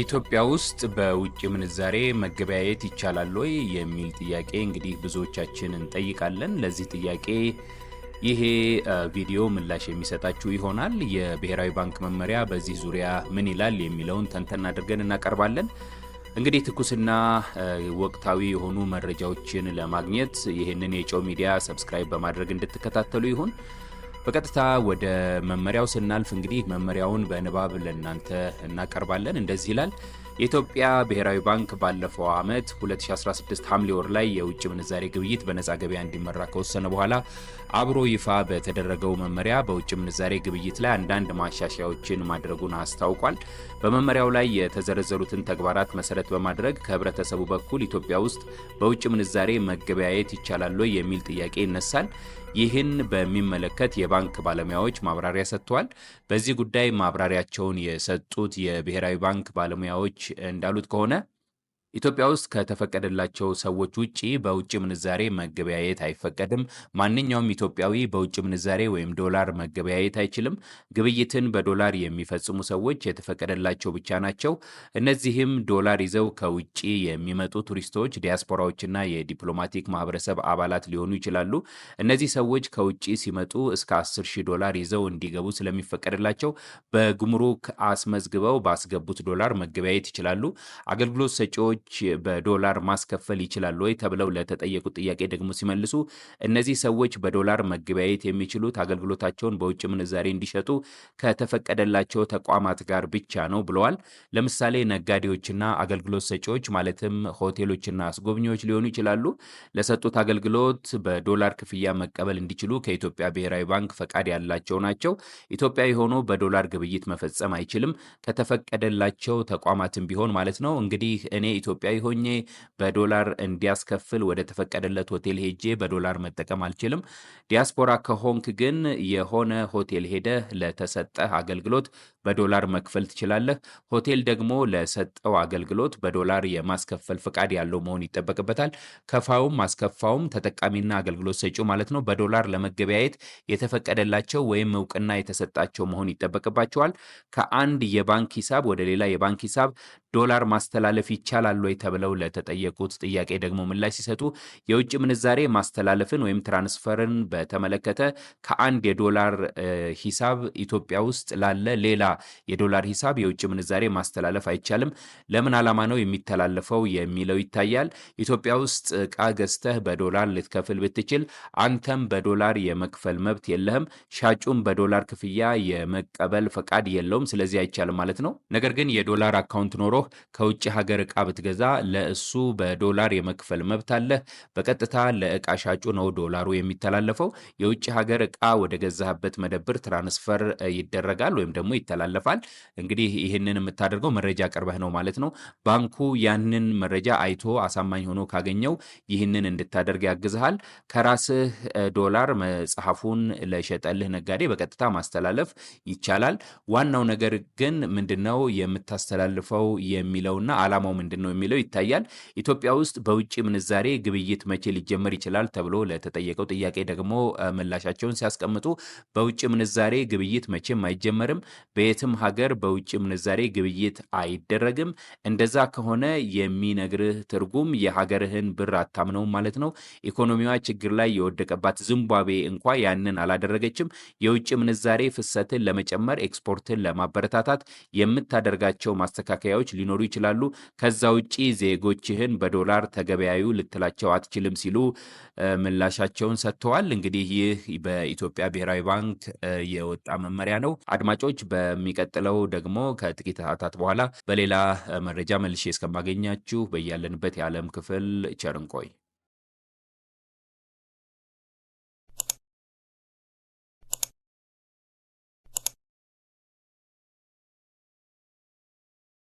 ኢትዮጵያ ውስጥ በውጭ ምንዛሬ መገበያየት ይቻላል ወይ የሚል ጥያቄ እንግዲህ ብዙዎቻችን እንጠይቃለን። ለዚህ ጥያቄ ይሄ ቪዲዮ ምላሽ የሚሰጣችሁ ይሆናል። የብሔራዊ ባንክ መመሪያ በዚህ ዙሪያ ምን ይላል የሚለውን ተንተን አድርገን እናቀርባለን። እንግዲህ ትኩስና ወቅታዊ የሆኑ መረጃዎችን ለማግኘት ይህንን የጨው ሚዲያ ሰብስክራይብ በማድረግ እንድትከታተሉ ይሁን። በቀጥታ ወደ መመሪያው ስናልፍ እንግዲህ መመሪያውን በንባብ ለእናንተ እናቀርባለን። እንደዚህ ይላል። የኢትዮጵያ ብሔራዊ ባንክ ባለፈው ዓመት 2016 ሐምሌ ወር ላይ የውጭ ምንዛሬ ግብይት በነፃ ገበያ እንዲመራ ከወሰነ በኋላ አብሮ ይፋ በተደረገው መመሪያ በውጭ ምንዛሬ ግብይት ላይ አንዳንድ ማሻሻያዎችን ማድረጉን አስታውቋል። በመመሪያው ላይ የተዘረዘሩትን ተግባራት መሰረት በማድረግ ከህብረተሰቡ በኩል ኢትዮጵያ ውስጥ በውጭ ምንዛሬ መገበያየት ይቻላል የሚል ጥያቄ ይነሳል። ይህን በሚመለከት የባንክ ባለሙያዎች ማብራሪያ ሰጥተዋል። በዚህ ጉዳይ ማብራሪያቸውን የሰጡት የብሔራዊ ባንክ ባለሙያዎች እንዳሉት ከሆነ ኢትዮጵያ ውስጥ ከተፈቀደላቸው ሰዎች ውጪ በውጭ ምንዛሬ መገበያየት አይፈቀድም። ማንኛውም ኢትዮጵያዊ በውጭ ምንዛሬ ወይም ዶላር መገበያየት አይችልም። ግብይትን በዶላር የሚፈጽሙ ሰዎች የተፈቀደላቸው ብቻ ናቸው። እነዚህም ዶላር ይዘው ከውጭ የሚመጡ ቱሪስቶች፣ ዲያስፖራዎችና የዲፕሎማቲክ ማህበረሰብ አባላት ሊሆኑ ይችላሉ። እነዚህ ሰዎች ከውጭ ሲመጡ እስከ 10 ዶላር ይዘው እንዲገቡ ስለሚፈቀድላቸው በጉምሩክ አስመዝግበው ባስገቡት ዶላር መገበያየት ይችላሉ። አገልግሎት ሰጪዎች ሰዎች በዶላር ማስከፈል ይችላሉ ወይ ተብለው ለተጠየቁት ጥያቄ ደግሞ ሲመልሱ እነዚህ ሰዎች በዶላር መገበያየት የሚችሉት አገልግሎታቸውን በውጭ ምንዛሬ እንዲሸጡ ከተፈቀደላቸው ተቋማት ጋር ብቻ ነው ብለዋል። ለምሳሌ ነጋዴዎችና አገልግሎት ሰጪዎች ማለትም ሆቴሎችና አስጎብኚዎች ሊሆኑ ይችላሉ። ለሰጡት አገልግሎት በዶላር ክፍያ መቀበል እንዲችሉ ከኢትዮጵያ ብሔራዊ ባንክ ፈቃድ ያላቸው ናቸው። ኢትዮጵያ የሆኑ በዶላር ግብይት መፈጸም አይችልም ከተፈቀደላቸው ተቋማትም ቢሆን ማለት ነው። እንግዲህ እኔ ኢትዮጵያዊ ሆኜ በዶላር እንዲያስከፍል ወደ ተፈቀደለት ሆቴል ሄጄ በዶላር መጠቀም አልችልም። ዲያስፖራ ከሆንክ ግን የሆነ ሆቴል ሄደህ ለተሰጠህ አገልግሎት በዶላር መክፈል ትችላለህ። ሆቴል ደግሞ ለሰጠው አገልግሎት በዶላር የማስከፈል ፍቃድ ያለው መሆን ይጠበቅበታል። ከፋውም አስከፋውም ተጠቃሚና አገልግሎት ሰጪው ማለት ነው በዶላር ለመገበያየት የተፈቀደላቸው ወይም እውቅና የተሰጣቸው መሆን ይጠበቅባቸዋል። ከአንድ የባንክ ሂሳብ ወደ ሌላ የባንክ ሂሳብ ዶላር ማስተላለፍ ይቻላል ይሰራል ወይ ተብለው ለተጠየቁት ጥያቄ ደግሞ ምላሽ ሲሰጡ የውጭ ምንዛሬ ማስተላለፍን ወይም ትራንስፈርን በተመለከተ ከአንድ የዶላር ሂሳብ ኢትዮጵያ ውስጥ ላለ ሌላ የዶላር ሂሳብ የውጭ ምንዛሬ ማስተላለፍ አይቻልም። ለምን ዓላማ ነው የሚተላለፈው የሚለው ይታያል። ኢትዮጵያ ውስጥ እቃ ገዝተህ በዶላር ልትከፍል ብትችል አንተም በዶላር የመክፈል መብት የለህም። ሻጩም በዶላር ክፍያ የመቀበል ፈቃድ የለውም። ስለዚህ አይቻልም ማለት ነው። ነገር ግን የዶላር አካውንት ኖሮህ ከውጭ ሀገር እቃ ብትገ ሲገዛ ለእሱ በዶላር የመክፈል መብት አለ። በቀጥታ ለእቃ ሻጩ ነው ዶላሩ የሚተላለፈው። የውጭ ሀገር እቃ ወደ ገዛህበት መደብር ትራንስፈር ይደረጋል ወይም ደግሞ ይተላለፋል። እንግዲህ ይህንን የምታደርገው መረጃ ቀርበህ ነው ማለት ነው። ባንኩ ያንን መረጃ አይቶ አሳማኝ ሆኖ ካገኘው ይህንን እንድታደርግ ያግዝሃል። ከራስህ ዶላር መጽሐፉን ለሸጠልህ ነጋዴ በቀጥታ ማስተላለፍ ይቻላል። ዋናው ነገር ግን ምንድነው የምታስተላልፈው የሚለውና አላማው ምንድን ነው በሚለው ይታያል። ኢትዮጵያ ውስጥ በውጭ ምንዛሬ ግብይት መቼ ሊጀመር ይችላል ተብሎ ለተጠየቀው ጥያቄ ደግሞ ምላሻቸውን ሲያስቀምጡ በውጭ ምንዛሬ ግብይት መቼም አይጀመርም፣ በየትም ሀገር በውጭ ምንዛሬ ግብይት አይደረግም። እንደዛ ከሆነ የሚነግርህ ትርጉም የሀገርህን ብር አታምነውም ማለት ነው። ኢኮኖሚዋ ችግር ላይ የወደቀባት ዚምባብዌ እንኳ ያንን አላደረገችም። የውጭ ምንዛሬ ፍሰትን ለመጨመር ኤክስፖርትን ለማበረታታት የምታደርጋቸው ማስተካከያዎች ሊኖሩ ይችላሉ። ከዛ ውጭ ውጪ ዜጎችህን በዶላር ተገበያዩ ልትላቸው አትችልም ሲሉ ምላሻቸውን ሰጥተዋል። እንግዲህ ይህ በኢትዮጵያ ብሔራዊ ባንክ የወጣ መመሪያ ነው። አድማጮች፣ በሚቀጥለው ደግሞ ከጥቂት ሰዓታት በኋላ በሌላ መረጃ መልሼ እስከማገኛችሁ በያለንበት የዓለም ክፍል ቸርንቆይ